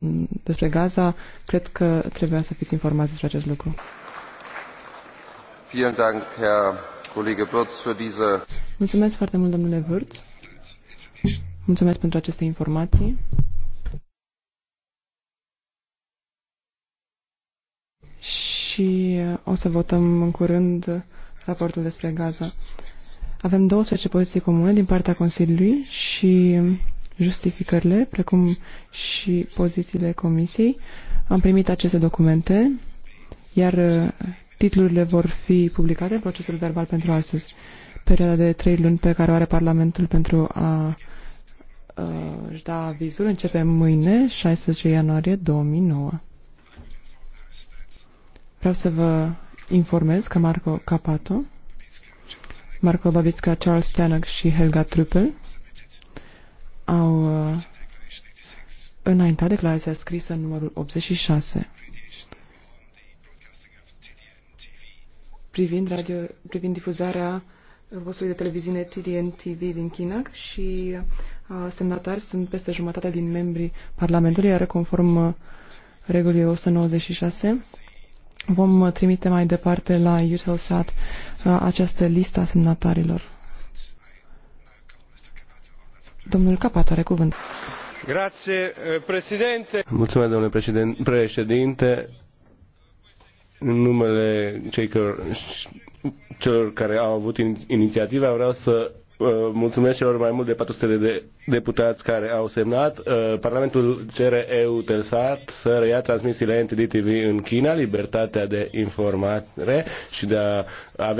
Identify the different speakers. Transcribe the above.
Speaker 1: Mm, despre Gaza, cred că trebuia să fiți informați despre acest lucru. Mulțumesc foarte mult, domnule Vârț. Mulțumesc pentru aceste informații. Și o să votăm în curând raportul despre Gaza. Avem 12 poziții comune din partea Consiliului și justificările, precum și pozițiile comisiei. Am primit aceste documente, iar uh, titlurile vor fi publicate în procesul verbal pentru astăzi. Perioada de trei luni pe care o are Parlamentul pentru a uh, își da avizul începe mâine, 16 ianuarie 2009. Vreau să vă informez că Marco Capato, Marco Babitska, Charles Stanek și Helga Truppel au uh, înaintat declarația scrisă în numărul 86 privind, radio, privind difuzarea postului de televiziune TDN TV din China și uh, semnatari sunt peste jumătate din membrii Parlamentului, iar conform uh, regulii 196 vom trimite mai departe la Utelsat această listă a semnatarilor. Domnul Capato are cuvânt.
Speaker 2: Grazie, eh, președinte. Mulțumesc, domnule președinte. în numele cei care, celor care au avut inițiativa, vreau să uh, mulțumesc celor mai mult de 400 de deputați care au semnat. Uh, Parlamentul cere EU-Telsat să reia transmisiile NTD TV în China, libertatea de informare și de a avea